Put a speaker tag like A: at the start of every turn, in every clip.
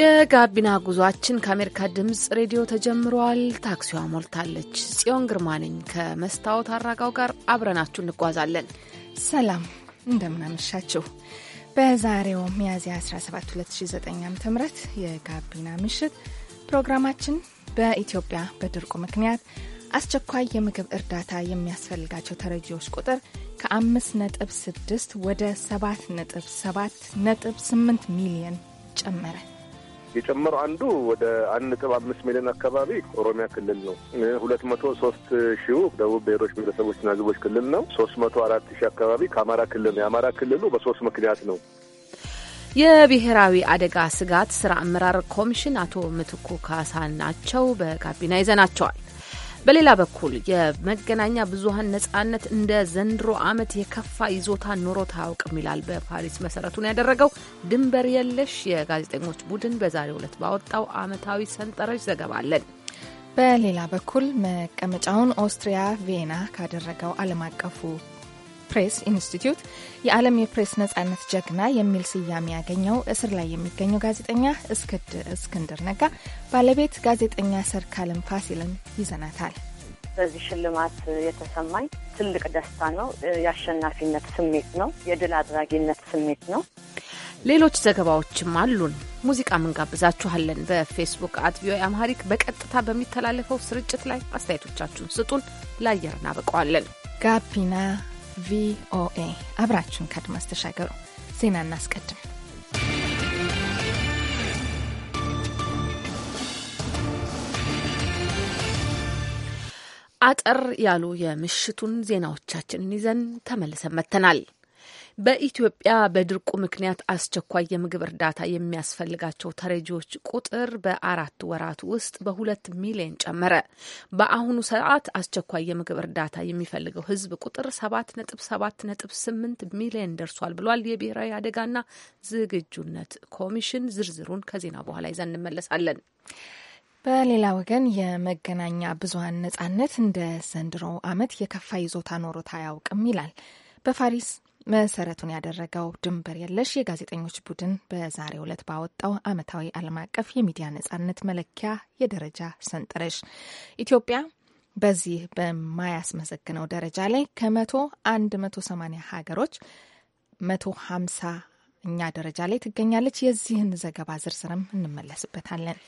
A: የጋቢና ጉዟችን ከአሜሪካ ድምፅ ሬዲዮ ተጀምሯል። ታክሲዋ ሞልታለች። ጽዮን ግርማ ነኝ ከመስታወት አራጋው ጋር አብረናችሁ እንጓዛለን። ሰላም እንደምናመሻችሁ።
B: በዛሬው ሚያዝያ 17 2009 ዓ ም የጋቢና ምሽት ፕሮግራማችን በኢትዮጵያ በድርቁ ምክንያት አስቸኳይ የምግብ እርዳታ የሚያስፈልጋቸው ተረጂዎች ቁጥር ከ5.6 ወደ 8 ሚሊዮን ጨመረ።
C: የጨመረው አንዱ ወደ አንድ ነጥብ አምስት ሚሊዮን አካባቢ ኦሮሚያ ክልል ነው። ሁለት መቶ ሶስት ሺው ደቡብ ብሔሮች ብሔረሰቦችና ሕዝቦች ክልል ነው። ሶስት መቶ አራት ሺህ አካባቢ ከአማራ ክልል ነው። የአማራ ክልሉ በሶስት ምክንያት ነው።
A: የብሔራዊ አደጋ ስጋት ስራ አመራር ኮሚሽን አቶ ምትኩ ካሳ ናቸው። በጋቢና ይዘናቸዋል። በሌላ በኩል የመገናኛ ብዙሀን ነጻነት እንደ ዘንድሮ አመት የከፋ ይዞታ ኖሮት አያውቅም ይላል በፓሪስ መሰረቱን ያደረገው ድንበር የለሽ የጋዜጠኞች ቡድን በዛሬው ዕለት ባወጣው አመታዊ ሰንጠረዥ ዘገባ አለን።
B: በሌላ በኩል መቀመጫውን ኦስትሪያ ቬና ካደረገው ዓለም አቀፉ ፕሬስ ኢንስቲትዩት የዓለም የፕሬስ ነጻነት ጀግና የሚል ስያሜ ያገኘው እስር ላይ የሚገኘው ጋዜጠኛ እስክንድር ነጋ ባለቤት ጋዜጠኛ ሰርካለም ፋሲልን ይዘናታል።
D: በዚህ ሽልማት የተሰማኝ ትልቅ ደስታ ነው። የአሸናፊነት ስሜት ነው። የድል አድራጊነት ስሜት ነው።
A: ሌሎች ዘገባዎችም አሉን። ሙዚቃ እንጋብዛችኋለን። በፌስቡክ አት ቪኦኤ አምሃሪክ በቀጥታ በሚተላለፈው ስርጭት ላይ አስተያየቶቻችሁን ስጡን፣ ለአየር እናበቀዋለን።
B: ጋቢና ቪኦኤ አብራችሁን ከአድማስ ተሻገሩ። ዜና እናስቀድም።
A: አጠር ያሉ የምሽቱን ዜናዎቻችንን ይዘን ተመልሰን መጥተናል። በኢትዮጵያ በድርቁ ምክንያት አስቸኳይ የምግብ እርዳታ የሚያስፈልጋቸው ተረጂዎች ቁጥር በአራት ወራት ውስጥ በሁለት ሚሊዮን ጨመረ። በአሁኑ ሰዓት አስቸኳይ የምግብ እርዳታ የሚፈልገው ሕዝብ ቁጥር ሰባት ነጥብ ሰባት ነጥብ ስምንት ሚሊዮን ደርሷል ብሏል የብሔራዊ አደጋና ዝግጁነት ኮሚሽን። ዝርዝሩን ከዜና በኋላ ይዘን እንመለሳለን።
B: በሌላ ወገን የመገናኛ ብዙሀን ነጻነት እንደ ዘንድሮ ዓመት የከፋ ይዞታ ኖሮት አያውቅም ይላል በፋሪስ መሰረቱን ያደረገው ድንበር የለሽ የጋዜጠኞች ቡድን በዛሬው ዕለት ባወጣው ዓመታዊ ዓለም አቀፍ የሚዲያ ነጻነት መለኪያ የደረጃ ሰንጠረዥ ኢትዮጵያ በዚህ በማያስመሰግነው ደረጃ ላይ ከመቶ አንድ መቶ ሰማኒያ ሀገሮች መቶ ሀምሳ እኛ ደረጃ ላይ ትገኛለች። የዚህን ዘገባ ዝርዝርም እንመለስበታለን።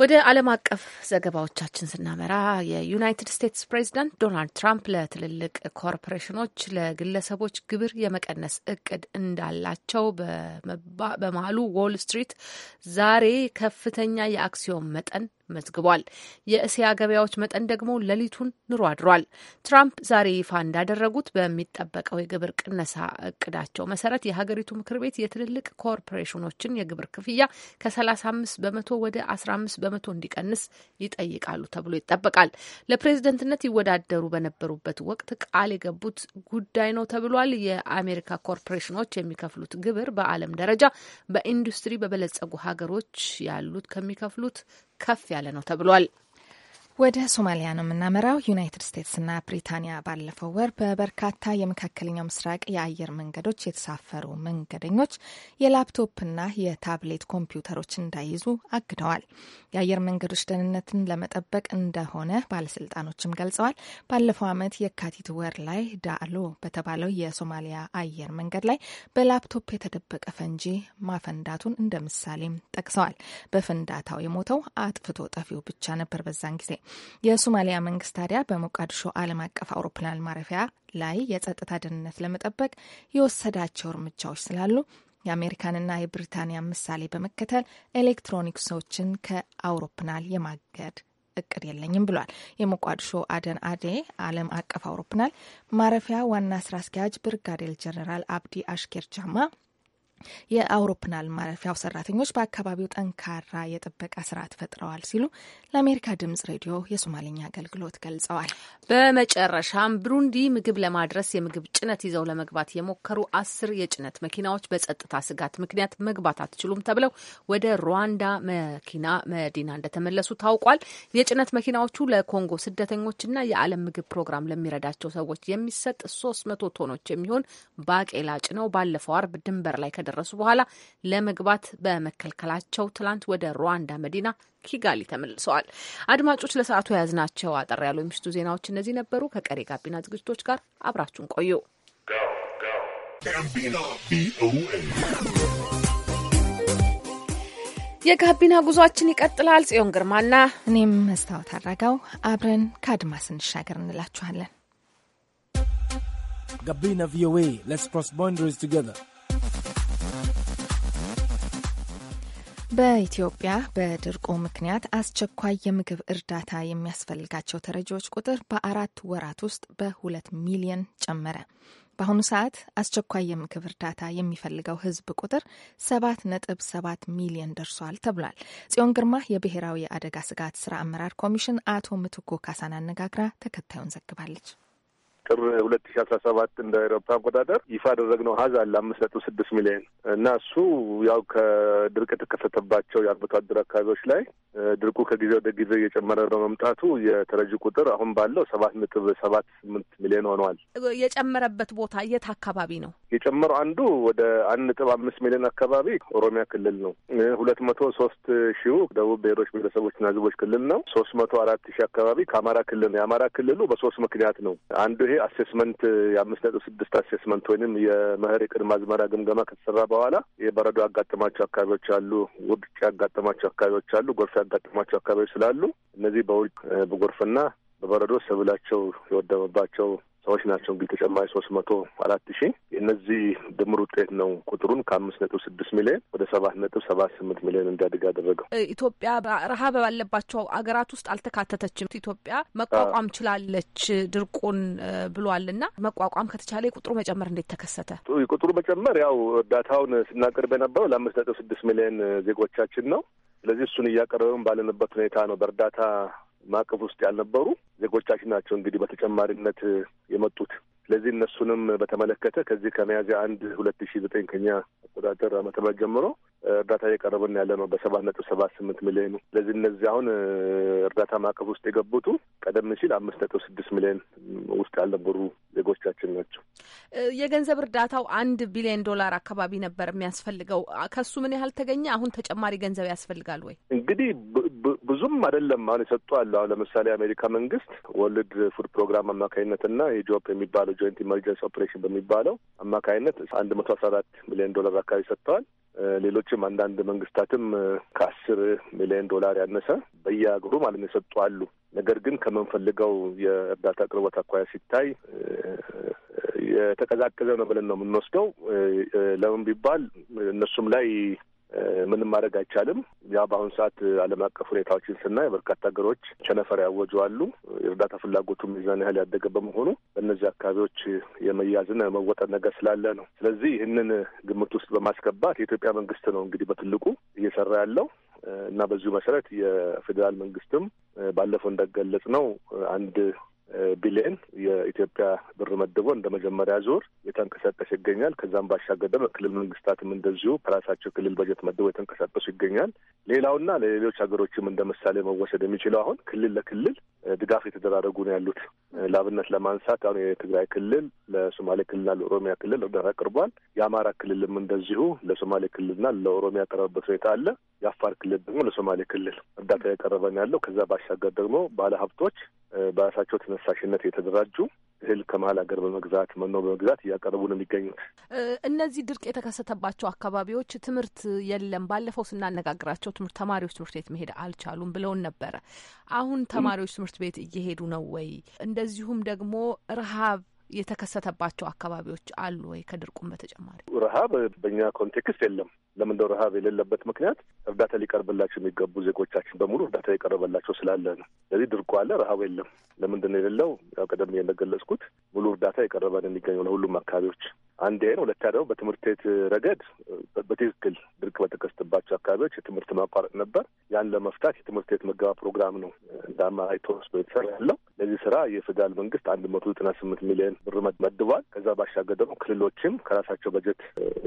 A: ወደ ዓለም አቀፍ ዘገባዎቻችን ስናመራ የዩናይትድ ስቴትስ ፕሬዚዳንት ዶናልድ ትራምፕ ለትልልቅ ኮርፖሬሽኖች ለግለሰቦች ግብር የመቀነስ እቅድ እንዳላቸው በመሃሉ ዎል ስትሪት ዛሬ ከፍተኛ የአክሲዮን መጠን መዝግቧል። የእስያ ገበያዎች መጠን ደግሞ ሌሊቱን ኑሮ አድሯል። ትራምፕ ዛሬ ይፋ እንዳደረጉት በሚጠበቀው የግብር ቅነሳ እቅዳቸው መሰረት የሀገሪቱ ምክር ቤት የትልልቅ ኮርፖሬሽኖችን የግብር ክፍያ ከ35 በመቶ ወደ 15 በመቶ እንዲቀንስ ይጠይቃሉ ተብሎ ይጠበቃል። ለፕሬዝደንትነት ይወዳደሩ በነበሩበት ወቅት ቃል የገቡት ጉዳይ ነው ተብሏል። የአሜሪካ ኮርፖሬሽኖች የሚከፍሉት ግብር በዓለም ደረጃ በኢንዱስትሪ በበለጸጉ ሀገሮች ያሉት ከሚከፍሉት ከፍ ያለ ነው ተብሏል።
B: ወደ ሶማሊያ ነው የምናመራው። ዩናይትድ ስቴትስና ብሪታንያ ባለፈው ወር በበርካታ የመካከለኛው ምስራቅ የአየር መንገዶች የተሳፈሩ መንገደኞች የላፕቶፕና የታብሌት ኮምፒውተሮች እንዳይይዙ አግደዋል። የአየር መንገዶች ደህንነትን ለመጠበቅ እንደሆነ ባለስልጣኖችም ገልጸዋል። ባለፈው ዓመት የካቲት ወር ላይ ዳሎ በተባለው የሶማሊያ አየር መንገድ ላይ በላፕቶፕ የተደበቀ ፈንጂ ማፈንዳቱን እንደ ምሳሌም ጠቅሰዋል። በፍንዳታው የሞተው አጥፍቶ ጠፊው ብቻ ነበር በዛን ጊዜ የሶማሊያ መንግስት ታዲያ በሞቃዲሾ ዓለም አቀፍ አውሮፕላን ማረፊያ ላይ የጸጥታ ደህንነት ለመጠበቅ የወሰዳቸው እርምጃዎች ስላሉ የአሜሪካንና የብሪታንያ ምሳሌ በመከተል ኤሌክትሮኒክሶችን ከአውሮፕላን የማገድ እቅድ የለኝም ብሏል። የሞቃዲሾ አደን አዴ ዓለም አቀፍ አውሮፕላን ማረፊያ ዋና ስራ አስኪያጅ ብርጋዴር ጀነራል አብዲ አሽኬር ጃማ የአውሮፕላን ማረፊያው ሰራተኞች በአካባቢው ጠንካራ የጥበቃ ስርዓት
A: ፈጥረዋል ሲሉ ለአሜሪካ ድምጽ ሬዲዮ የሶማሌኛ
B: አገልግሎት ገልጸዋል።
A: በመጨረሻም ብሩንዲ ምግብ ለማድረስ የምግብ ጭነት ይዘው ለመግባት የሞከሩ አስር የጭነት መኪናዎች በጸጥታ ስጋት ምክንያት መግባት አትችሉም ተብለው ወደ ሩዋንዳ መኪና መዲና እንደተመለሱ ታውቋል። የጭነት መኪናዎቹ ለኮንጎ ስደተኞችና የዓለም ምግብ ፕሮግራም ለሚረዳቸው ሰዎች የሚሰጥ ሶስት መቶ ቶኖች የሚሆን ባቄላ ጭነው ባለፈው አርብ ድንበር ላይ ከደ ከደረሱ በኋላ ለመግባት በመከልከላቸው ትላንት ወደ ሩዋንዳ መዲና ኪጋሊ ተመልሰዋል። አድማጮች ለሰዓቱ የያዝናቸው አጠር ያሉ የምሽቱ ዜናዎች እነዚህ ነበሩ። ከቀሪ ጋቢና ዝግጅቶች ጋር አብራችሁን ቆዩ። የጋቢና ጉዟችን ይቀጥላል።
B: ጽዮን ግርማና እኔም መስታወት አድረገው አብረን ከአድማስ እንሻገር እንላችኋለን።
E: ጋቢና ቪኦኤ ሌትስ ክሮስ ቦንደሪስ ቱገር
B: በኢትዮጵያ በድርቁ ምክንያት አስቸኳይ የምግብ እርዳታ የሚያስፈልጋቸው ተረጂዎች ቁጥር በአራት ወራት ውስጥ በሁለት ሚሊየን ጨመረ። በአሁኑ ሰዓት አስቸኳይ የምግብ እርዳታ የሚፈልገው ሕዝብ ቁጥር ሰባት ነጥብ ሰባት ሚሊዮን ደርሷል ተብሏል። ጽዮን ግርማ የብሔራዊ የአደጋ ስጋት ስራ አመራር ኮሚሽን አቶ ምትኩ ካሳን አነጋግራ ተከታዩን ዘግባለች።
C: ጥር ሁለት ሺ አስራ ሰባት እንደ አውሮፓ አቆጣጠር ይፋ ያደረግነው ሀዝ አለ አምስት ነጥብ ስድስት ሚሊዮን እና እሱ ያው ከድርቅ የተከሰተባቸው የአርብቶ አደር አካባቢዎች ላይ ድርቁ ከጊዜ ወደ ጊዜ እየጨመረ በመምጣቱ የተረጂ ቁጥር አሁን ባለው ሰባት ነጥብ ሰባት ስምንት ሚሊዮን ሆነዋል።
A: የጨመረበት ቦታ የት አካባቢ ነው
C: የጨመረው? አንዱ ወደ አንድ ነጥብ አምስት ሚሊዮን አካባቢ ኦሮሚያ ክልል ነው። ሁለት መቶ ሶስት ሺው ደቡብ ብሔሮች ብሔረሰቦችና ህዝቦች ክልል ነው። ሶስት መቶ አራት ሺህ አካባቢ ከአማራ ክልል ነው። የአማራ ክልሉ በሶስት ምክንያት ነው። አንዱ ይሄ አሴስመንት የአምስት ነጥብ ስድስት አሴስመንት ወይንም የመኸር የቅድመ አዝመራ ግምገማ ከተሰራ በኋላ የበረዶ ያጋጠማቸው አካባቢዎች አሉ፣ ውርጭ ያጋጠማቸው አካባቢዎች አሉ፣ ጎርፍ ያጋጠማቸው አካባቢዎች ስላሉ እነዚህ በውርጭ በጎርፍና በበረዶ ሰብላቸው የወደመባቸው ሰዎች ናቸው እንግዲህ ተጨማሪ ሶስት መቶ አራት ሺህ የእነዚህ ድምር ውጤት ነው ቁጥሩን ከአምስት ነጥብ ስድስት ሚሊዮን ወደ ሰባት ነጥብ ሰባት ስምንት ሚሊዮን እንዲያድግ ያደረገው።
A: ኢትዮጵያ ረሀብ ባለባቸው አገራት ውስጥ አልተካተተችም። ኢትዮጵያ መቋቋም ችላለች ድርቁን ብሏል እና መቋቋም ከተቻለ የቁጥሩ መጨመር እንዴት ተከሰተ?
C: የቁጥሩ መጨመር ያው እርዳታውን ስናቀርብ የነበረው ለአምስት ነጥብ ስድስት ሚሊዮን ዜጎቻችን ነው። ስለዚህ እሱን እያቀረበን ባለንበት ሁኔታ ነው በእርዳታ ማዕቀፍ ውስጥ ያልነበሩ ዜጎቻችን ናቸው። እንግዲህ በተጨማሪነት የመጡት ስለዚህ እነሱንም በተመለከተ ከዚህ ከሚያዝያ አንድ ሁለት ሺ ዘጠኝ ከኛ አቆጣጠር ዓመተ ምህረት ጀምሮ እርዳታ እየቀረበን ያለ ነው በሰባት ነጥብ ሰባት ስምንት ሚሊዮኑ። ስለዚህ እነዚህ አሁን እርዳታ ማዕቀፍ ውስጥ የገቡቱ ቀደም ሲል አምስት ነጥብ ስድስት ሚሊዮን ውስጥ ያልነበሩ ዜጎቻችን ናቸው።
A: የገንዘብ እርዳታው አንድ ቢሊዮን ዶላር አካባቢ ነበር የሚያስፈልገው። ከሱ ምን ያህል ተገኘ? አሁን ተጨማሪ ገንዘብ ያስፈልጋል ወይ?
C: እንግዲህ ብዙም አይደለም። አሁን የሰጡ አለ። አሁን ለምሳሌ የአሜሪካ መንግስት ወርልድ ፉድ ፕሮግራም አማካኝነትና የጆፕ የሚባለው ጆይንት ኢመርጀንሲ ኦፕሬሽን በሚባለው አማካይነት አንድ መቶ አስራ አራት ሚሊዮን ዶላር አካባቢ ሰጥተዋል። ሌሎችም አንዳንድ መንግስታትም ከአስር ሚሊዮን ዶላር ያነሰ በየሀገሩ ማለት ነው የሰጡ አሉ። ነገር ግን ከምንፈልገው የእርዳታ አቅርቦት አኳያ ሲታይ የተቀዛቀዘ ነው ብለን ነው የምንወስደው። ለምን ቢባል እነሱም ላይ ምንም ማድረግ አይቻልም። ያ በአሁኑ ሰዓት ዓለም አቀፍ ሁኔታዎችን ስናይ በርካታ ሀገሮች ቸነፈር ያወጁ አሉ። የእርዳታ ፍላጎቱ ሚዛን ያህል ያደገ በመሆኑ በእነዚህ አካባቢዎች የመያዝና የመወጠር ነገር ስላለ ነው። ስለዚህ ይህንን ግምት ውስጥ በማስገባት የኢትዮጵያ መንግስት ነው እንግዲህ በትልቁ እየሰራ ያለው እና በዚሁ መሰረት የፌዴራል መንግስትም ባለፈው እንደገለጽ ነው አንድ ቢሊየን የኢትዮጵያ ብር መድቦ እንደ መጀመሪያ ዙር የተንቀሳቀስ ይገኛል። ከዛም ባሻገር ደግሞ ክልል መንግስታትም እንደዚሁ ከራሳቸው ክልል በጀት መድቦ የተንቀሳቀሱ ይገኛል። ሌላውና ለሌሎች ሀገሮችም እንደ ምሳሌ መወሰድ የሚችለው አሁን ክልል ለክልል ድጋፍ የተደራረጉ ነው ያሉት። ለአብነት ለማንሳት አሁን የትግራይ ክልል ለሶማሌ ክልልና ለኦሮሚያ ክልል እርዳታ ቀርቧል። የአማራ ክልልም እንደዚሁ ለሶማሌ ክልልና ለኦሮሚያ ያቀረበበት ሁኔታ አለ። የአፋር ክልል ደግሞ ለሶማሌ ክልል እርዳታ የቀረበን ነው ያለው። ከዛ ባሻገር ደግሞ ባለሀብቶች በራሳቸው ተነሳሽነት የተደራጁ እህል ከመሀል ሀገር በመግዛት መኖ በመግዛት እያቀረቡ ነው የሚገኙት።
A: እነዚህ ድርቅ የተከሰተባቸው አካባቢዎች ትምህርት የለም። ባለፈው ስናነጋግራቸው ትምህርት ተማሪዎች ትምህርት ቤት መሄድ አልቻሉም ብለውን ነበረ። አሁን ተማሪዎች ትምህርት ቤት እየሄዱ ነው ወይ? እንደዚሁም ደግሞ ረሀብ የተከሰተባቸው አካባቢዎች አሉ ወይ? ከድርቁም በተጨማሪ
C: ረሀብ በእኛ ኮንቴክስት የለም። ለምንደው ረሀብ የሌለበት ምክንያት እርዳታ ሊቀርብላቸው የሚገቡ ዜጎቻችን በሙሉ እርዳታ የቀረበላቸው ስላለ ነው። ስለዚህ ድርቁ አለ፣ ረሀብ የለም። ለምንድን ነው የሌለው? ያው ቀደም እንደገለጽኩት ሙሉ እርዳታ የቀረበን የሚገኘው ለሁሉም አካባቢዎች አንድ ይሄ ነው። ሁለተኛ ደግሞ በትምህርት ቤት ረገድ በትክክል ድርቅ በተከሰተባቸው አካባቢዎች የትምህርት ማቋረጥ ነበር። ያን ለመፍታት የትምህርት ቤት መገባ ፕሮግራም ነው እንደ አማራጭ ተወስዶ የተሰራ ያለው። ለዚህ ስራ የፌዴራል መንግስት አንድ መቶ ዘጠና ስምንት ሚሊዮን ብር መድቧል። ከዛ ባሻገር ደግሞ ክልሎችም ከራሳቸው በጀት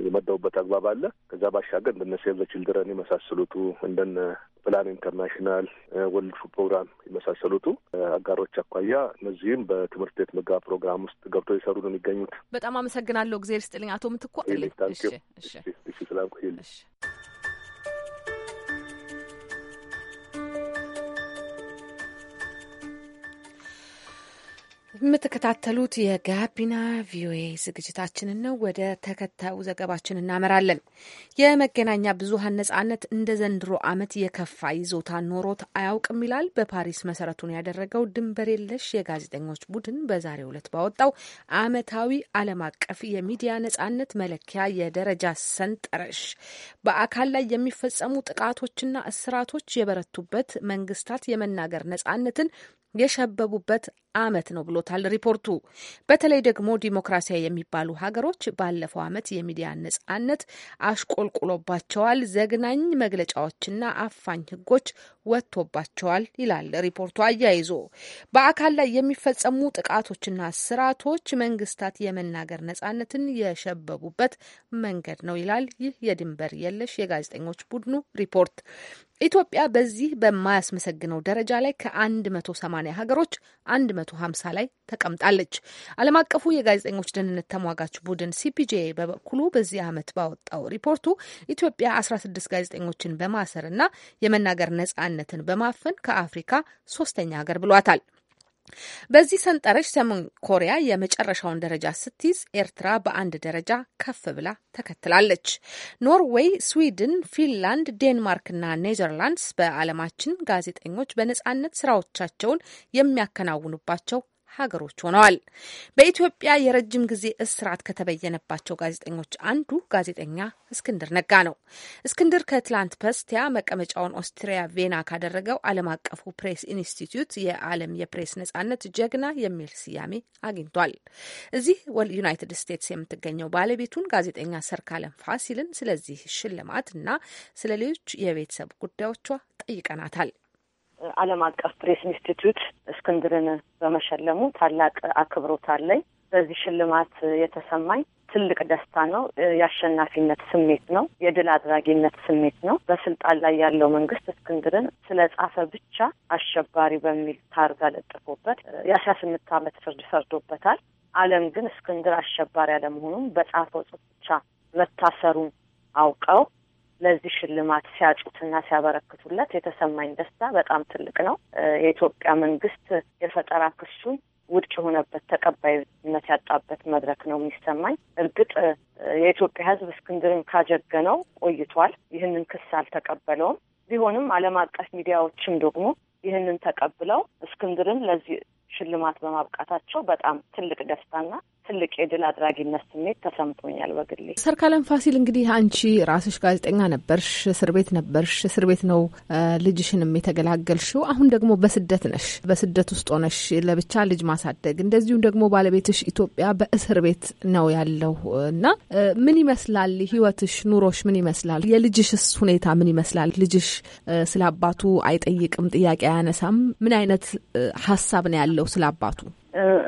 C: የመደቡበት አግባብ አለ። ከዛ ባሻገር እንደነ ሴቭ ዘ ችልድረን የመሳሰሉቱ እንደነ ፕላን ኢንተርናሽናል፣ ወልድ ፉድ ፕሮግራም የመሳሰሉቱ አጋሮች አኳያ እነዚህም በትምህርት ቤት ምገባ ፕሮግራም ውስጥ ገብቶ የሰሩ ነው የሚገኙት።
A: በጣም አመሰግናለሁ። እግዜር ስጥልኝ አቶ ምትኳ ልኝ ስላቆይልኝ የምትከታተሉት የጋቢና ቪኦኤ ዝግጅታችንን ነው። ወደ ተከታዩ ዘገባችን እናመራለን። የመገናኛ ብዙኃን ነጻነት እንደ ዘንድሮ ዓመት የከፋ ይዞታ ኖሮት አያውቅም ይላል በፓሪስ መሰረቱን ያደረገው ድንበር የለሽ የጋዜጠኞች ቡድን በዛሬው ዕለት ባወጣው ዓመታዊ ዓለም አቀፍ የሚዲያ ነጻነት መለኪያ የደረጃ ሰንጠረዥ በአካል ላይ የሚፈጸሙ ጥቃቶችና እስራቶች የበረቱበት መንግስታት የመናገር ነጻነትን የሸበቡበት ዓመት ነው ብሎታል ሪፖርቱ። በተለይ ደግሞ ዲሞክራሲያዊ የሚባሉ ሀገሮች ባለፈው ዓመት የሚዲያ ነጻነት አሽቆልቁሎባቸዋል። ዘግናኝ መግለጫዎችና አፋኝ ሕጎች ወጥቶባቸዋል ይላል ሪፖርቱ አያይዞ። በአካል ላይ የሚፈጸሙ ጥቃቶችና ስርዓቶች መንግስታት የመናገር ነጻነትን የሸበቡበት መንገድ ነው ይላል ይህ የድንበር የለሽ የጋዜጠኞች ቡድኑ ሪፖርት። ኢትዮጵያ በዚህ በማያስመሰግነው ደረጃ ላይ ከ180 ሀገሮች 150 ላይ ተቀምጣለች። ዓለም አቀፉ የጋዜጠኞች ደህንነት ተሟጋች ቡድን ሲፒጄ በበኩሉ በዚህ ዓመት ባወጣው ሪፖርቱ ኢትዮጵያ 16 ጋዜጠኞችን በማሰር እና የመናገር ነጻ ። ነጻነትን በማፈን ከአፍሪካ ሶስተኛ ሀገር ብሏታል። በዚህ ሰንጠረዥ ሰሜን ኮሪያ የመጨረሻውን ደረጃ ስትይዝ ኤርትራ በአንድ ደረጃ ከፍ ብላ ተከትላለች። ኖርዌይ፣ ስዊድን፣ ፊንላንድ፣ ዴንማርክና ኔዘርላንድስ በዓለማችን ጋዜጠኞች በነጻነት ስራዎቻቸውን የሚያከናውኑባቸው ሀገሮች ሆነዋል። በኢትዮጵያ የረጅም ጊዜ እስራት ከተበየነባቸው ጋዜጠኞች አንዱ ጋዜጠኛ እስክንድር ነጋ ነው። እስክንድር ከትላንት በስቲያ መቀመጫውን ኦስትሪያ ቬና ካደረገው ዓለም አቀፉ ፕሬስ ኢንስቲትዩት የዓለም የፕሬስ ነጻነት ጀግና የሚል ስያሜ አግኝቷል። እዚህ ዩናይትድ ስቴትስ የምትገኘው ባለቤቱን ጋዜጠኛ ሰርካለም ፋሲልን ስለዚህ ሽልማት እና ስለ ሌሎች የቤተሰብ ጉዳዮቿ ጠይቀናታል።
D: ዓለም አቀፍ ፕሬስ ኢንስቲትዩት እስክንድርን በመሸለሙ ታላቅ አክብሮት አለኝ። በዚህ ሽልማት የተሰማኝ ትልቅ ደስታ ነው። የአሸናፊነት ስሜት ነው። የድል አድራጊነት ስሜት ነው። በስልጣን ላይ ያለው መንግስት እስክንድርን ስለ ጻፈ ብቻ አሸባሪ በሚል ታርጋ ለጥፎበት የአስራ ስምንት አመት ፍርድ ፈርዶበታል። ዓለም ግን እስክንድር አሸባሪ አለመሆኑም በጻፈው ጽሑፍ ብቻ መታሰሩን አውቀው ለዚህ ሽልማት ሲያጩትና ሲያበረክቱለት የተሰማኝ ደስታ በጣም ትልቅ ነው። የኢትዮጵያ መንግስት የፈጠራ ክሱን ውድቅ የሆነበት ተቀባይነት ያጣበት መድረክ ነው የሚሰማኝ። እርግጥ የኢትዮጵያ ሕዝብ እስክንድርን ካጀገነው ቆይቷል። ይህንን ክስ አልተቀበለውም። ቢሆንም ዓለም አቀፍ ሚዲያዎችም ደግሞ ይህንን ተቀብለው እስክንድርን ለዚህ ሽልማት በማብቃታቸው በጣም ትልቅ ደስታና ትልቅ የድል አድራጊነት ስሜት ተሰምቶኛል በግሌ።
A: ሰርካለም ፋሲል እንግዲህ አንቺ ራስሽ ጋዜጠኛ ነበርሽ፣ እስር ቤት ነበርሽ። እስር ቤት ነው ልጅሽንም የተገላገልሽው። አሁን ደግሞ በስደት ነሽ። በስደት ውስጥ ሆነሽ ለብቻ ልጅ ማሳደግ፣ እንደዚሁም ደግሞ ባለቤትሽ ኢትዮጵያ በእስር ቤት ነው ያለው እና ምን ይመስላል ህይወትሽ፣ ኑሮሽ ምን ይመስላል? የልጅሽስ ሁኔታ ምን ይመስላል? ልጅሽ ስለ አባቱ አይጠይቅም፣ ጥያቄ አያነሳም። ምን አይነት ሀሳብ ነው ያለው? ያለው ስለ አባቱ።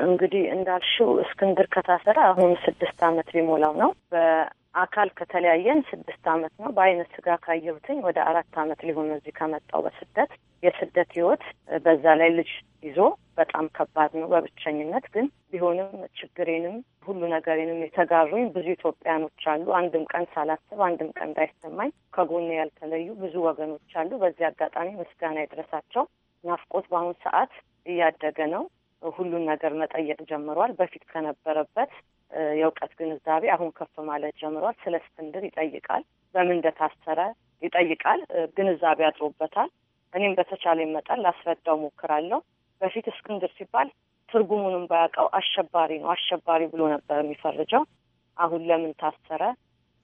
D: እንግዲህ እንዳልሽው እስክንድር ከታሰረ አሁን ስድስት አመት ሊሞላው ነው። በአካል ከተለያየን ስድስት ዓመት ነው። በአይነ ስጋ ካየሁትኝ ወደ አራት አመት ሊሆኑ እዚህ ከመጣው በስደት የስደት ህይወት በዛ ላይ ልጅ ይዞ በጣም ከባድ ነው በብቸኝነት ግን ቢሆንም ችግሬንም ሁሉ ነገሬንም የተጋሩኝ ብዙ ኢትዮጵያኖች አሉ። አንድም ቀን ሳላስብ አንድም ቀን እንዳይሰማኝ ከጎን ያልተለዩ ብዙ ወገኖች አሉ። በዚህ አጋጣሚ ምስጋና ይድረሳቸው። ናፍቆት በአሁኑ ሰዓት እያደገ ነው። ሁሉን ነገር መጠየቅ ጀምሯል። በፊት ከነበረበት የእውቀት ግንዛቤ አሁን ከፍ ማለት ጀምሯል። ስለ እስክንድር ይጠይቃል። በምን እንደታሰረ ይጠይቃል። ግንዛቤ አድሮበታል። እኔም በተቻለ መጠን ላስረዳው ሞክራለሁ። በፊት እስክንድር ሲባል ትርጉሙንም ባያውቀው አሸባሪ ነው አሸባሪ ብሎ ነበር የሚፈርጀው። አሁን ለምን ታሰረ፣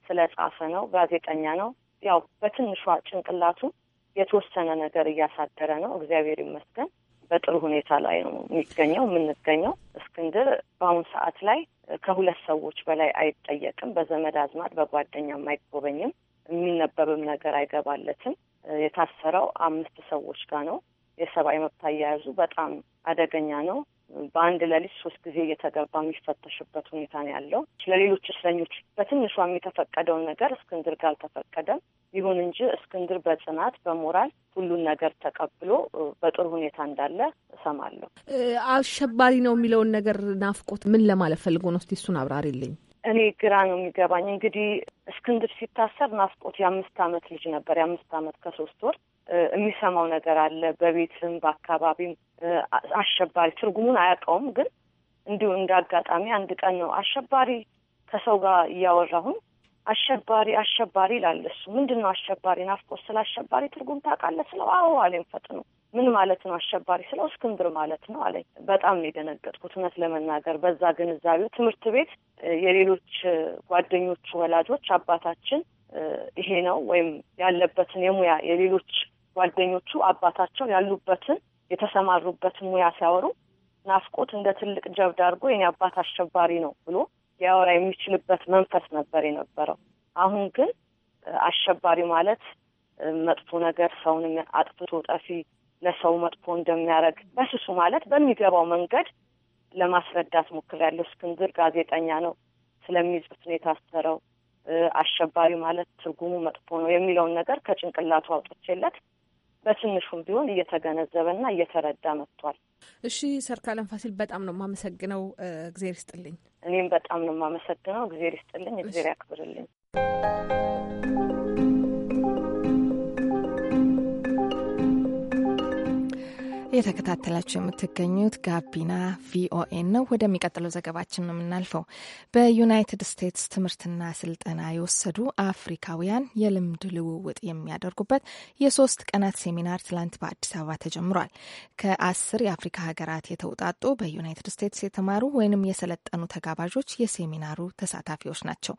D: ስለ ጻፈ ነው፣ ጋዜጠኛ ነው። ያው በትንሿ ጭንቅላቱ የተወሰነ ነገር እያሳደረ ነው። እግዚአብሔር ይመስገን። በጥሩ ሁኔታ ላይ ነው የሚገኘው የምንገኘው። እስክንድር በአሁኑ ሰዓት ላይ ከሁለት ሰዎች በላይ አይጠየቅም። በዘመድ አዝማድ በጓደኛም አይጎበኝም። የሚነበብም ነገር አይገባለትም። የታሰረው አምስት ሰዎች ጋር ነው። የሰብአዊ መብት አያያዙ በጣም አደገኛ ነው። በአንድ ሌሊት ሶስት ጊዜ እየተገባ የሚፈተሽበት ሁኔታ ነው ያለው። ስለሌሎች እስረኞች በትንሿም የተፈቀደውን ነገር እስክንድር ጋር አልተፈቀደም። ይሁን እንጂ እስክንድር በጽናት በሞራል ሁሉን ነገር ተቀብሎ በጥሩ ሁኔታ እንዳለ እሰማለሁ።
A: አሸባሪ ነው የሚለውን ነገር ናፍቆት ምን ለማለት ፈልጎ ነው? እስቲ እሱን አብራሪልኝ።
D: እኔ ግራ ነው የሚገባኝ። እንግዲህ እስክንድር ሲታሰር ናፍቆት የአምስት አመት ልጅ ነበር። የአምስት አመት ከሶስት ወር የሚሰማው ነገር አለ። በቤትም በአካባቢም አሸባሪ ትርጉሙን አያውቀውም፣ ግን እንዲሁ እንደ አጋጣሚ አንድ ቀን ነው አሸባሪ ከሰው ጋር እያወራሁኝ አሸባሪ አሸባሪ ይላል እሱ። ምንድን ነው አሸባሪ? ናፍቆት ስለ አሸባሪ ትርጉም ታውቃለህ ስለው አዎ አለኝ ፈጥኖ። ምን ማለት ነው አሸባሪ ስለው እስክንድር ማለት ነው አለኝ። በጣም ነው የደነገጥኩት እውነት ለመናገር በዛ ግንዛቤው። ትምህርት ቤት የሌሎች ጓደኞቹ ወላጆች አባታችን ይሄ ነው ወይም ያለበትን የሙያ የሌሎች ጓደኞቹ አባታቸው ያሉበትን የተሰማሩበትን ሙያ ሲያወሩ ናፍቆት እንደ ትልቅ ጀብድ አድርጎ የኔ አባት አሸባሪ ነው ብሎ ሊያወራ የሚችልበት መንፈስ ነበር የነበረው። አሁን ግን አሸባሪ ማለት መጥፎ ነገር ሰውን አጥፍቶ ጠፊ፣ ለሰው መጥፎ እንደሚያደርግ በስሱ ማለት በሚገባው መንገድ ለማስረዳት ሞክሬያለሁ። እስክንድር ጋዜጠኛ ነው፣ ስለሚጽፍ ነው የታሰረው። አሸባሪ ማለት ትርጉሙ መጥፎ ነው የሚለውን ነገር ከጭንቅላቱ አውጥቼለት በትንሹም ቢሆን እየተገነዘበና እየተረዳ መጥቷል።
A: እሺ ሰርካለም ፋሲል በጣም ነው የማመሰግነው።
D: እግዜር ይስጥልኝ። እኔም በጣም ነው የማመሰግነው። እግዜር ይስጥልኝ። እግዜር ያክብርልኝ።
B: እየተከታተላችሁ የምትገኙት ጋቢና ቪኦኤን ነው። ወደሚቀጥለው ዘገባችን ነው የምናልፈው። በዩናይትድ ስቴትስ ትምህርትና ስልጠና የወሰዱ አፍሪካውያን የልምድ ልውውጥ የሚያደርጉበት የሶስት ቀናት ሴሚናር ትላንት በአዲስ አበባ ተጀምሯል። ከአስር የአፍሪካ ሀገራት የተውጣጡ በዩናይትድ ስቴትስ የተማሩ ወይንም የሰለጠኑ ተጋባዦች የሴሚናሩ ተሳታፊዎች ናቸው።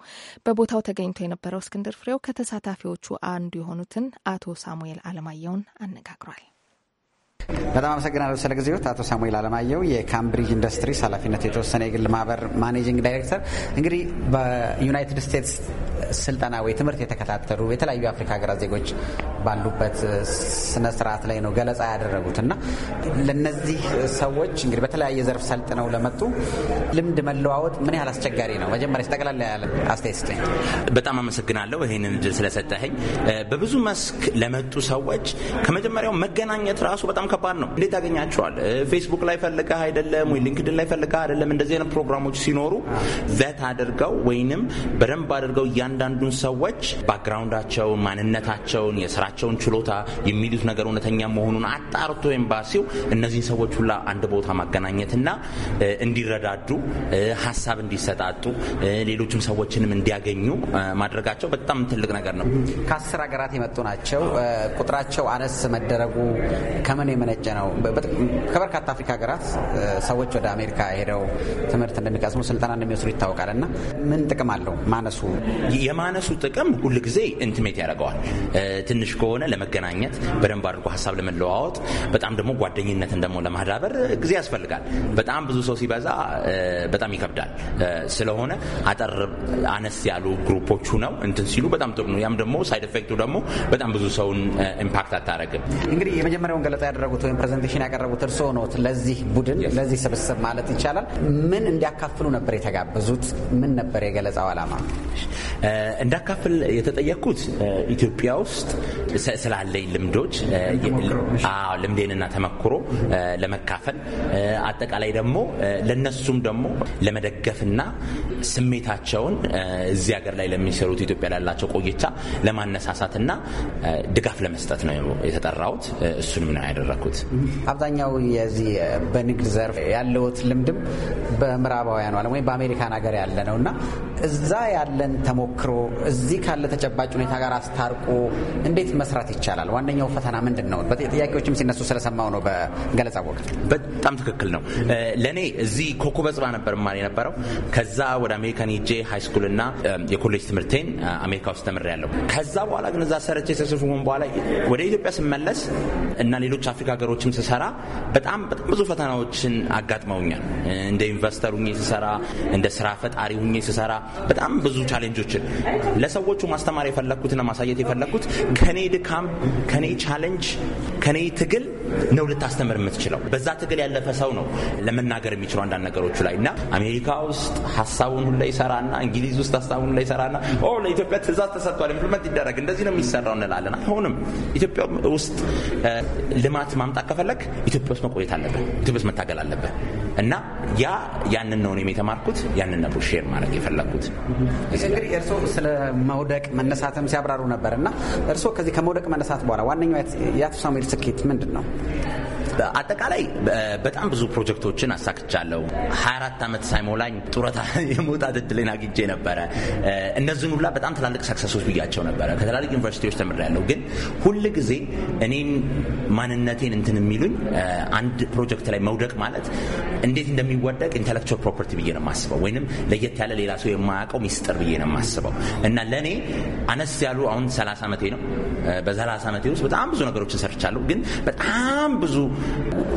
B: በቦታው ተገኝቶ የነበረው እስክንድር ፍሬው ከተሳታፊዎቹ አንዱ የሆኑትን አቶ ሳሙኤል አለማየሁን አነጋግሯል።
F: በጣም አመሰግናለሁ ስለ ጊዜዎት አቶ ሳሙኤል አለማየሁ የካምብሪጅ ኢንዱስትሪስ ኃላፊነት የተወሰነ የግል ማህበር ማኔጂንግ ዳይሬክተር። እንግዲህ በዩናይትድ ስቴትስ ስልጠና ወይ ትምህርት የተከታተሉ የተለያዩ የአፍሪካ ሀገራት ዜጎች ባሉበት ስነ ስርዓት ላይ ነው ገለጻ ያደረጉት እና ለነዚህ ሰዎች እንግዲህ በተለያየ ዘርፍ ሰልጥነው ለመጡ ልምድ መለዋወጥ ምን ያህል አስቸጋሪ ነው? መጀመሪያ ጠቅላላ ያለ አስተያየት ስጠኝ።
G: በጣም አመሰግናለሁ ይህንን ድል ስለሰጠኸኝ። በብዙ መስክ ለመጡ ሰዎች ከመጀመሪያው መገናኘት ራሱ በጣም ከባድ ነው። እንዴት ያገኛቸዋል? ፌስቡክ ላይ ፈልገህ አይደለም ወይ ሊንክድን ላይ ፈልገህ አይደለም። እንደዚህ አይነት ፕሮግራሞች ሲኖሩ vet አድርገው ወይንም በደንብ አድርገው እያንዳንዱን ሰዎች ባክግራውንዳቸውን፣ ማንነታቸውን፣ የስራቸውን ችሎታ የሚሉት ነገር እውነተኛ መሆኑን አጣርቶ ኤምባሲው እነዚህን ሰዎች ሁላ አንድ ቦታ ማገናኘትና እንዲረዳዱ ሀሳብ እንዲሰጣጡ ሌሎችም ሰዎችንም እንዲያገኙ ማድረጋቸው በጣም ትልቅ ነገር ነው።
F: ከአስር ሀገራት የመጡ ናቸው። ቁጥራቸው አነስ መደረጉ ከምን የመነጨ ነው? ከበርካታ አፍሪካ ሀገራት ሰዎች ወደ አሜሪካ ሄደው ትምህርት እንደሚቀስሙ ስልጠና እንደሚወስዱ ይታወቃል። እና ምን ጥቅም አለው ማነሱ? የማነሱ ጥቅም
G: ጊዜ እንትሜት ያደርገዋል። ትንሽ ከሆነ ለመገናኘት በደንብ አድርጎ ሀሳብ ለመለዋወጥ በጣም ደግሞ ጓደኝነትን ደግሞ ለማዳበር ጊዜ ያስፈልጋል። በጣም ብዙ ሰው ሲበዛ በጣም ይከብዳል። ስለሆነ አጠር አነስ ያሉ ግሩፖቹ ነው እንትን ሲሉ በጣም ጥሩ ነው። ያም ደግሞ ሳይድ ኤፌክቱ ደግሞ በጣም ብዙ ሰውን ኢምፓክት አታደርግም።
F: እንግዲህ የመጀመሪያውን ገለጻ ያደረጉት ወይም ፕሬዘንቴሽን ያቀረቡት እርስዎ ኖት ለዚህ ቡድን ለዚህ ስብስብ ማለት ይቻላል ምን እንዲያካፍሉ ነበር የተጋበዙት? ምን ነበር የገለጻው ዓላማ? እንዳካፍል
G: የተጠየቅኩት ኢትዮጵያ ውስጥ ስላለኝ ልምዶች ልምዴንና ተመክሮ ለመካፈል አጠቃላይ ደግሞ ለነሱም ደግሞ ለመደገፍና ስሜታቸውን እዚህ ሀገር ላይ ለሚሰሩት ኢትዮጵያ ላላቸው ቆይታ ለማነሳሳትና ድጋፍ ለመስጠት ነው የተጠራሁት። እሱንም ነው ያደረ ያደረግኩት።
F: አብዛኛው የዚህ በንግድ ዘርፍ ያለውት ልምድም በምዕራባውያኑ ዓለም ወይም በአሜሪካን ሀገር ያለ ነው እና እዛ ያለን ተሞክሮ እዚህ ካለ ተጨባጭ ሁኔታ ጋር አስታርቆ እንዴት መስራት ይቻላል? ዋነኛው ፈተና ምንድን ነው? ጥያቄዎችም ሲነሱ ስለሰማው ነው በገለጻ ወቅት።
G: በጣም ትክክል ነው። ለእኔ እዚህ ኮኮ ጽባ ነበር ማር የነበረው። ከዛ ወደ አሜሪካን ሄጄ ስኩል እና የኮሌጅ ትምህርቴን አሜሪካ ውስጥ ተምሬያለሁ። ከዛ በኋላ ግን እዛ ሰርቼ ተሰፍሞን በኋላ ወደ ኢትዮጵያ ስመለስ እና ሌሎች አፍ ከአፍሪካ ሀገሮችም ስሰራ በጣም ብዙ ፈተናዎችን አጋጥመውኛል። እንደ ኢንቨስተር ሁኜ ስሰራ፣ እንደ ስራ ፈጣሪ ሁኜ ስሰራ በጣም ብዙ ቻሌንጆችን ለሰዎቹ ማስተማር የፈለግኩትና ማሳየት የፈለግኩት ከኔ ድካም፣ ከኔ ቻሌንጅ፣ ከኔ ትግል ነው ልታስተምር የምትችለው። በዛ ትግል ያለፈ ሰው ነው ለመናገር የሚችለው አንዳንድ ነገሮቹ ላይ እና አሜሪካ ውስጥ ሀሳቡን ሁላ ይሰራና እንግሊዝ ውስጥ ሀሳቡን ሁላ ይሰራና ለኢትዮጵያ ትእዛዝ ተሰጥቷል፣ ኢምፕሊመንት ይደረግ እንደዚህ ነው የሚሰራው እንላለን። አሁንም ኢትዮጵያ ውስጥ ልማት ልማት ማምጣት ከፈለግ ኢትዮጵያ ውስጥ መቆየት አለብን፣ ኢትዮጵያ ውስጥ መታገል አለብን እና ያ ያንን ነው እኔም የተማርኩት፣ ያንን ነው ሼር ማድረግ የፈለግኩት።
F: እንግዲህ እርስዎ ስለ መውደቅ መነሳትም ሲያብራሩ ነበር እና እርስዎ ከዚህ ከመውደቅ መነሳት በኋላ ዋነኛው የአቶ ሳሙኤል ስኬት ምንድን ነው?
G: በአጠቃላይ በጣም ብዙ ፕሮጀክቶችን አሳክቻለሁ። 24 ዓመት ሳይሞላኝ ጡረታ የመውጣት እድልን አግኝቼ ነበረ። እነዚህን ሁላ በጣም ትላልቅ ሰክሰሶች ብያቸው ነበረ። ከትላልቅ ዩኒቨርሲቲዎች ተምሬያለሁ። ግን ሁል ጊዜ እኔን ማንነቴን እንትን የሚሉኝ አንድ ፕሮጀክት ላይ መውደቅ ማለት እንዴት እንደሚወደቅ ኢንተሌክቹዋል ፕሮፐርቲ ብዬ ነው የማስበው፣ ወይንም ለየት ያለ ሌላ ሰው የማያውቀው ሚስጥር ብዬ ነው የማስበው እና ለእኔ አነስ ያሉ አሁን 30 ዓመቴ ነው። በ30 ዓመቴ ውስጥ በጣም ብዙ ነገሮችን ሰርቻለሁ። ግን በጣም ብዙ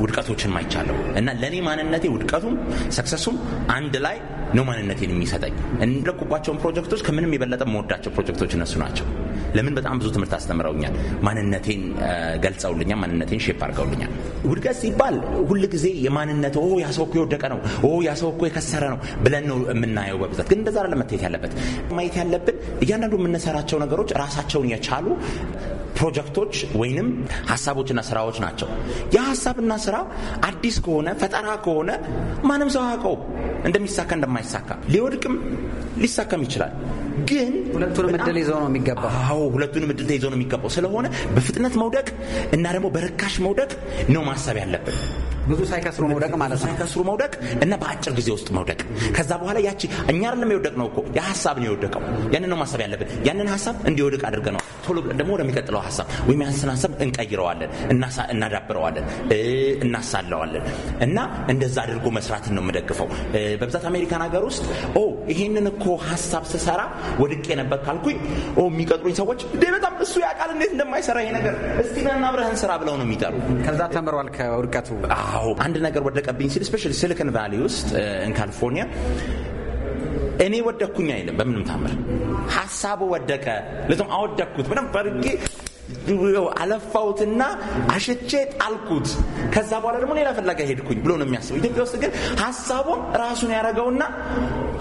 G: ውድቀቶችን ማይቻለው እና ለእኔ ማንነቴ ውድቀቱም ሰክሰሱም አንድ ላይ ነው ማንነቴን የሚሰጠኝ። እንለቁባቸውን ፕሮጀክቶች ከምንም የበለጠ መወዳቸው ፕሮጀክቶች እነሱ ናቸው። ለምን በጣም ብዙ ትምህርት አስተምረውኛል። ማንነቴን ገልጸውልኛል። ማንነቴን ሼፕ አድርገውልኛል። ውድቀት ሲባል ጊዜ የማንነት ኦ ያ እኮ የወደቀ ነው፣ ኦ ያ እኮ የከሰረ ነው ብለን ነው የምናየው በብዛት። ግን እንደዛ ለመታየት ያለበት ማየት ያለብን እያንዳንዱ የምንሰራቸው ነገሮች ራሳቸውን የቻሉ ፕሮጀክቶች ወይንም ሀሳቦችና ስራዎች ናቸው። የሀሳብና ስራ አዲስ ከሆነ ፈጠራ ከሆነ ማንም ሰው አያውቀውም እንደሚሳካ እንደማይሳካ ሊወድቅም ሊሳካም ይችላል። ግን ሁለቱን ምድል ይዘው ነው የሚገባው። አዎ ሁለቱንም እድል ይዘው ነው የሚገባው። ስለሆነ በፍጥነት መውደቅ እና ደግሞ በርካሽ መውደቅ ነው ማሰብ ያለብን። ብዙ ሳይከስሩ መውደቅ ማለት ነው። ሳይከስሩ መውደቅ እና በአጭር ጊዜ ውስጥ መውደቅ። ከዛ በኋላ ያቺ እኛ አይደለም የወደቅ ነው እኮ ያ ነው የወደቀው። ያንን ነው ማሰብ ያለብን። ያንን ሀሳብ እንዲወድቅ አድርገ ነው ቶሎ ብለን ደግሞ ወደሚቀጥለው ሀሳብ ወይም ያንስን ሀሳብ እንቀይረዋለን፣ እናዳብረዋለን፣ እናሳለዋለን እና እንደዛ አድርጎ መስራትን ነው የምደግፈው። በብዛት አሜሪካን ሀገር ውስጥ ኦ ይሄንን እኮ ሀሳብ ስሰራ ወድቄ ነበር ካልኩኝ የሚቀጥሩኝ ሰዎች በጣም እሱ ያውቃል እንዴት እንደማይሰራ ይሄ ነገር እስቲ ነና ብረህን ስራ ብለው ነው የሚጠሩ። ከዛ ተምሯል ከውድቀቱ። አዎ አንድ ነገር ወደቀብኝ ሲል ስፔሻሊ ሲሊኮን ቫሊ ውስጥ ካሊፎርኒያ እኔ ወደኩኝ አይልም። በምንም ታምር ሀሳቡ ወደቀ ልቶም አወደኩት በደንብ አድርጌ ድብው አለፋውትና አሸቼ ጣልኩት። ከዛ በኋላ ደግሞ ሌላ ፍላጋ ሄድኩኝ ብሎ ነው የሚያስበው። ኢትዮጵያ ውስጥ ግን ሀሳቡን ራሱን ያደረገውና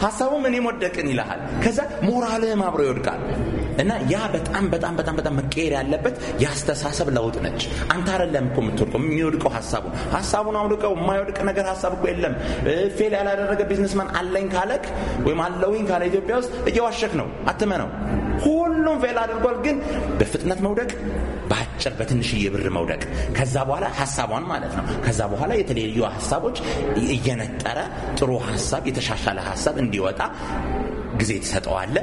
G: ሀሳቡም እኔም ወደቅን ይልሃል። ከዛ ሞራልህም አብሮ ይወድቃል። እና ያ በጣም በጣም በጣም በጣም መቀየር ያለበት የአስተሳሰብ ለውጥ ነች። አንተ አይደለም እኮ የምትወድቀው የሚወድቀው ሀሳቡ ሀሳቡን አውድቀው የማይወድቅ ነገር ሀሳብ እኮ የለም። ፌል ያላደረገ ቢዝነስማን አለኝ ካለክ ወይም አለውኝ ካለ ኢትዮጵያ ውስጥ እየዋሸክ ነው። አትመነው። ሁሉም ፌል አድርጓል። ግን በፍጥነት መውደቅ፣ በአጭር በትንሽዬ ብር መውደቅ፣ ከዛ በኋላ ሀሳቧን ማለት ነው። ከዛ በኋላ የተለያዩ ሀሳቦች እየነጠረ ጥሩ ሀሳብ፣ የተሻሻለ ሀሳብ እንዲወጣ ጊዜ ትሰጠዋለ፣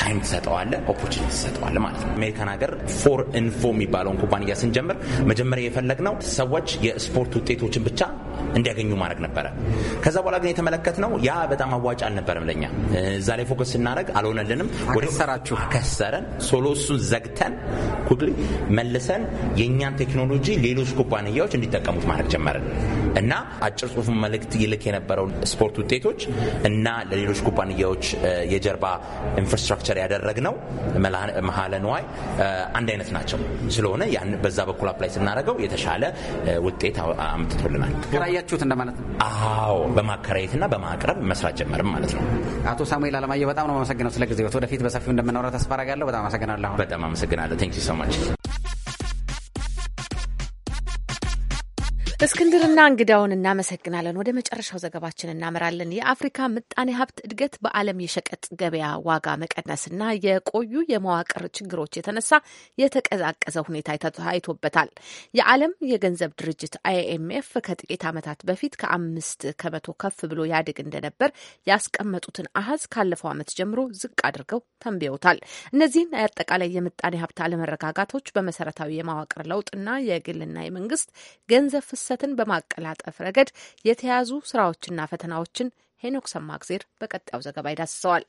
G: ታይም ትሰጠዋለ፣ ኦፖርቹኒቲ ትሰጠዋለ ማለት ነው። አሜሪካን ሀገር ፎር ኢንፎ የሚባለውን ኩባንያ ስንጀምር መጀመሪያ የፈለግነው ሰዎች የስፖርት ውጤቶችን ብቻ እንዲያገኙ ማድረግ ነበረ። ከዛ በኋላ ግን የተመለከትነው ያ በጣም አዋጭ አልነበረም ለኛ። እዛ ላይ ፎከስ ስናደረግ አልሆነልንም። ወደ ሰራችሁ ከሰረን ሶሎ እሱን ዘግተን ኩግሊ መልሰን የእኛን ቴክኖሎጂ ሌሎች ኩባንያዎች እንዲጠቀሙት ማድረግ ጀመርን እና አጭር ጽሁፍን መልእክት ይልክ የነበረው ስፖርት ውጤቶች እና ለሌሎች ኩባንያዎች የጀርባ ኢንፍራስትራክቸር ያደረግነው መሀለ ንዋይ አንድ አይነት ናቸው። ስለሆነ በዛ በኩል አፕላይ ስናደረገው የተሻለ ውጤት አምጥቶልናል።
F: አሰቃያችሁት እንደማለት ነው።
G: አዎ በማከራየትና በማቅረብ መስራት ጀመርም ማለት ነው።
F: አቶ ሳሙኤል አለማየሁ በጣም ነው የማመሰግነው ስለ ጊዜዎት። ወደፊት በሰፊው እንደምናወራ ተስፋ አደርጋለሁ። በጣም አመሰግናለሁ።
G: በጣም አመሰግናለሁ። ቴንክ ዩ ሶ ማች
A: እስክንድርና እንግዳውን እናመሰግናለን። ወደ መጨረሻው ዘገባችን እናመራለን። የአፍሪካ ምጣኔ ሀብት እድገት በዓለም የሸቀጥ ገበያ ዋጋ መቀነስና የቆዩ የመዋቅር ችግሮች የተነሳ የተቀዛቀዘ ሁኔታ ታይቶበታል። የዓለም የገንዘብ ድርጅት አይኤምኤፍ ከጥቂት ዓመታት በፊት ከአምስት ከመቶ ከፍ ብሎ ያድግ እንደነበር ያስቀመጡትን አሀዝ ካለፈው ዓመት ጀምሮ ዝቅ አድርገው ተንብየውታል። እነዚህን አጠቃላይ የምጣኔ ሀብት አለመረጋጋቶች በመሰረታዊ የመዋቅር ለውጥና የግልና የመንግስት ገንዘብ ፍሰትን በማቀላጠፍ ረገድ የተያዙ ስራዎችና ፈተናዎችን ሄኖክ ሰማግዜር በቀጣዩ ዘገባ ይዳስሰዋል።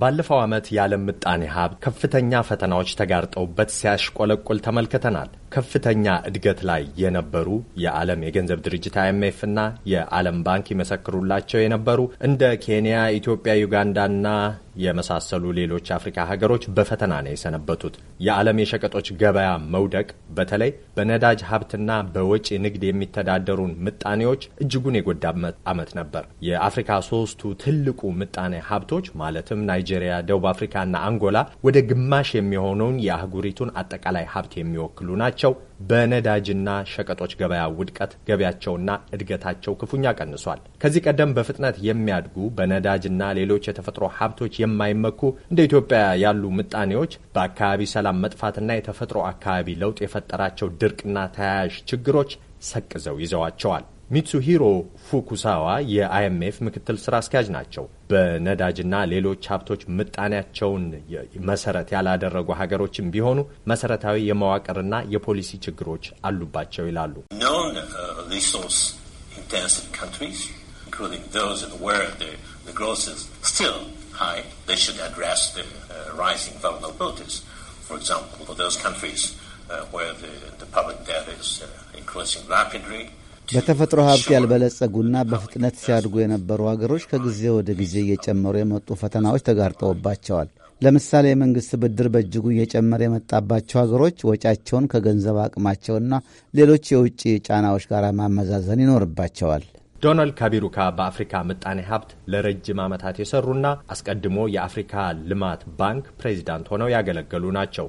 E: ባለፈው ዓመት የዓለም ምጣኔ ሀብት ከፍተኛ ፈተናዎች ተጋርጠውበት ሲያሽቆለቁል ተመልክተናል። ከፍተኛ እድገት ላይ የነበሩ የዓለም የገንዘብ ድርጅት አይኤምኤፍ እና የዓለም ባንክ ይመሰክሩላቸው የነበሩ እንደ ኬንያ፣ ኢትዮጵያ፣ ዩጋንዳና የመሳሰሉ ሌሎች አፍሪካ ሀገሮች በፈተና ነው የሰነበቱት። የዓለም የሸቀጦች ገበያ መውደቅ በተለይ በነዳጅ ሀብትና በወጪ ንግድ የሚተዳደሩን ምጣኔዎች እጅጉን የጎዳ ዓመት ነበር። የአፍሪካ ሶስቱ ትልቁ ምጣኔ ሀብቶች ማለትም ናይጄሪያ፣ ደቡብ አፍሪካና አንጎላ ወደ ግማሽ የሚሆነውን የአህጉሪቱን አጠቃላይ ሀብት የሚወክሉ ናቸው። በመሆናቸው በነዳጅና ሸቀጦች ገበያ ውድቀት ገቢያቸውና እድገታቸው ክፉኛ ቀንሷል። ከዚህ ቀደም በፍጥነት የሚያድጉ በነዳጅና ሌሎች የተፈጥሮ ሀብቶች የማይመኩ እንደ ኢትዮጵያ ያሉ ምጣኔዎች በአካባቢ ሰላም መጥፋትና የተፈጥሮ አካባቢ ለውጥ የፈጠራቸው ድርቅና ተያያዥ ችግሮች ሰቅዘው ይዘዋቸዋል። ሚትሱሂሮ ፉኩሳዋ የአይኤምኤፍ ምክትል ስራ አስኪያጅ ናቸው። በነዳጅና ሌሎች ሀብቶች ምጣኔያቸውን መሰረት ያላደረጉ ሀገሮችም ቢሆኑ መሰረታዊ የመዋቅርና የፖሊሲ ችግሮች አሉባቸው ይላሉ። uh,
H: በተፈጥሮ ሀብት ያልበለጸጉና በፍጥነት ሲያድጉ የነበሩ ሀገሮች ከጊዜ ወደ ጊዜ እየጨመሩ የመጡ ፈተናዎች ተጋርጠውባቸዋል። ለምሳሌ የመንግሥት ብድር በእጅጉ እየጨመረ የመጣባቸው ሀገሮች ወጪያቸውን ከገንዘብ አቅማቸውና ሌሎች የውጭ ጫናዎች ጋር ማመዛዘን ይኖርባቸዋል።
E: ዶናልድ ካቢሩካ በአፍሪካ ምጣኔ ሀብት ለረጅም ዓመታት የሰሩና አስቀድሞ የአፍሪካ ልማት ባንክ ፕሬዚዳንት ሆነው ያገለገሉ ናቸው።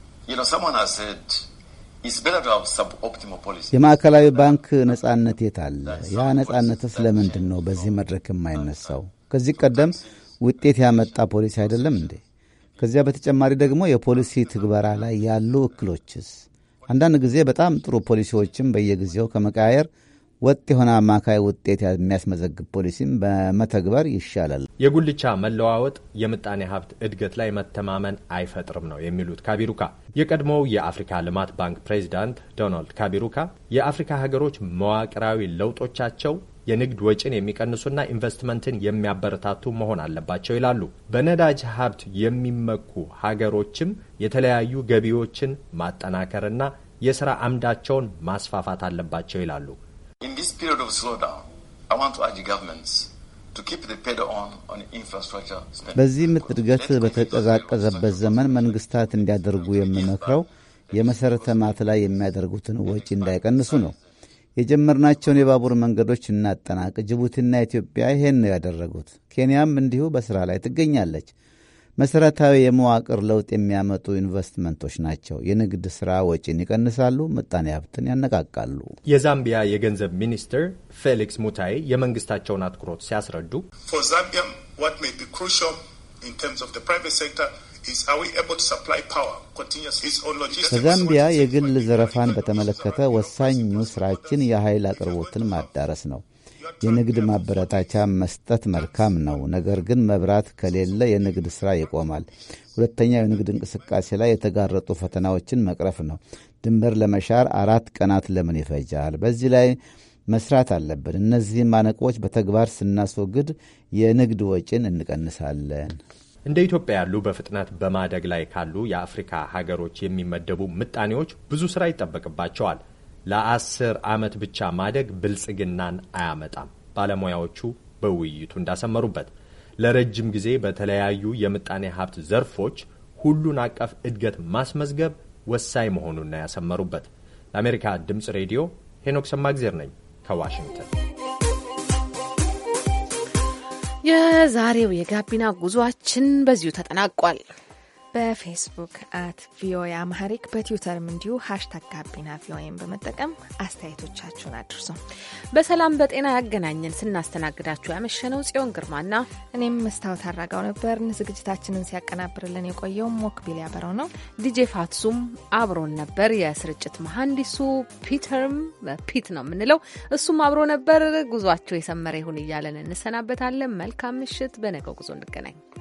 H: የማዕከላዊ ባንክ ነጻነት የት አለ? ያ ነጻነትስ ለምንድን ነው በዚህ መድረክ የማይነሳው? ከዚህ ቀደም ውጤት ያመጣ ፖሊሲ አይደለም እንዴ? ከዚያ በተጨማሪ ደግሞ የፖሊሲ ትግበራ ላይ ያሉ እክሎችስ? አንዳንድ ጊዜ በጣም ጥሩ ፖሊሲዎችም በየጊዜው ከመቀያየር ወጥ የሆነ አማካይ ውጤት የሚያስመዘግብ ፖሊሲም በመተግበር ይሻላል።
E: የጉልቻ መለዋወጥ የምጣኔ ሀብት እድገት ላይ መተማመን አይፈጥርም ነው የሚሉት ካቢሩካ። የቀድሞው የአፍሪካ ልማት ባንክ ፕሬዚዳንት ዶናልድ ካቢሩካ የአፍሪካ ሀገሮች መዋቅራዊ ለውጦቻቸው የንግድ ወጪን የሚቀንሱና ኢንቨስትመንትን የሚያበረታቱ መሆን አለባቸው ይላሉ። በነዳጅ ሀብት የሚመኩ ሀገሮችም የተለያዩ ገቢዎችን ማጠናከርና የስራ አምዳቸውን ማስፋፋት አለባቸው ይላሉ። In this period of slowdown, I want to urge governments to keep the pedal on on
H: infrastructure በዚህ ምት እድገት በተቀዛቀዘበት ዘመን መንግስታት እንዲያደርጉ የምመክረው የመሰረተ ማት ላይ የሚያደርጉትን ወጪ እንዳይቀንሱ ነው። የጀመርናቸውን የባቡር መንገዶች እናጠናቅ። ጅቡቲና ኢትዮጵያ ይሄን ነው ያደረጉት። ኬንያም እንዲሁ በሥራ ላይ ትገኛለች። መሠረታዊ የመዋቅር ለውጥ የሚያመጡ ኢንቨስትመንቶች ናቸው። የንግድ ሥራ ወጪን ይቀንሳሉ፣ ምጣኔ ሀብትን ያነቃቃሉ።
E: የዛምቢያ የገንዘብ ሚኒስትር ፌሊክስ ሙታይ የመንግስታቸውን አትኩሮት ሲያስረዱ
H: ከዛምቢያ የግል ዘረፋን በተመለከተ ወሳኙ ስራችን የኃይል አቅርቦትን ማዳረስ ነው። የንግድ ማበረታቻ መስጠት መልካም ነው። ነገር ግን መብራት ከሌለ የንግድ ስራ ይቆማል። ሁለተኛው የንግድ እንቅስቃሴ ላይ የተጋረጡ ፈተናዎችን መቅረፍ ነው። ድንበር ለመሻር አራት ቀናት ለምን ይፈጃል? በዚህ ላይ መስራት አለብን። እነዚህ ማነቆች በተግባር ስናስወግድ የንግድ ወጪን እንቀንሳለን።
E: እንደ ኢትዮጵያ ያሉ በፍጥነት በማደግ ላይ ካሉ የአፍሪካ ሀገሮች የሚመደቡ ምጣኔዎች ብዙ ስራ ይጠበቅባቸዋል። ለአስር ዓመት ብቻ ማደግ ብልጽግናን አያመጣም። ባለሙያዎቹ በውይይቱ እንዳሰመሩበት ለረጅም ጊዜ በተለያዩ የምጣኔ ሀብት ዘርፎች ሁሉን አቀፍ እድገት ማስመዝገብ ወሳኝ መሆኑን ያሰመሩበት። ለአሜሪካ ድምፅ ሬዲዮ ሄኖክ ሰማግዜር ነኝ ከዋሽንግተን።
A: የዛሬው የጋቢና ጉዟችን በዚሁ ተጠናቋል።
B: በፌስቡክ አት ቪኦኤ አምሃሪክ በትዊተርም እንዲሁ ሀሽታግ ጋቢና ቪኦኤም በመጠቀም አስተያየቶቻችሁን አድርሱ። በሰላም በጤና ያገናኘን። ስናስተናግዳችሁ ያመሸነው ጽዮን ግርማና እኔም መስታወት አራጋው ነበርን። ዝግጅታችንን ሲያቀናብርልን የቆየው ሞክቢል ያበረው ነው። ዲጄ ፋትሱም
A: አብሮን ነበር። የስርጭት መሐንዲሱ ፒተርም ፒት ነው የምንለው እሱም አብሮ ነበር። ጉዟቸው የሰመረ ይሁን እያለን እንሰናበታለን። መልካም ምሽት። በነገው ጉዞ እንገናኝ።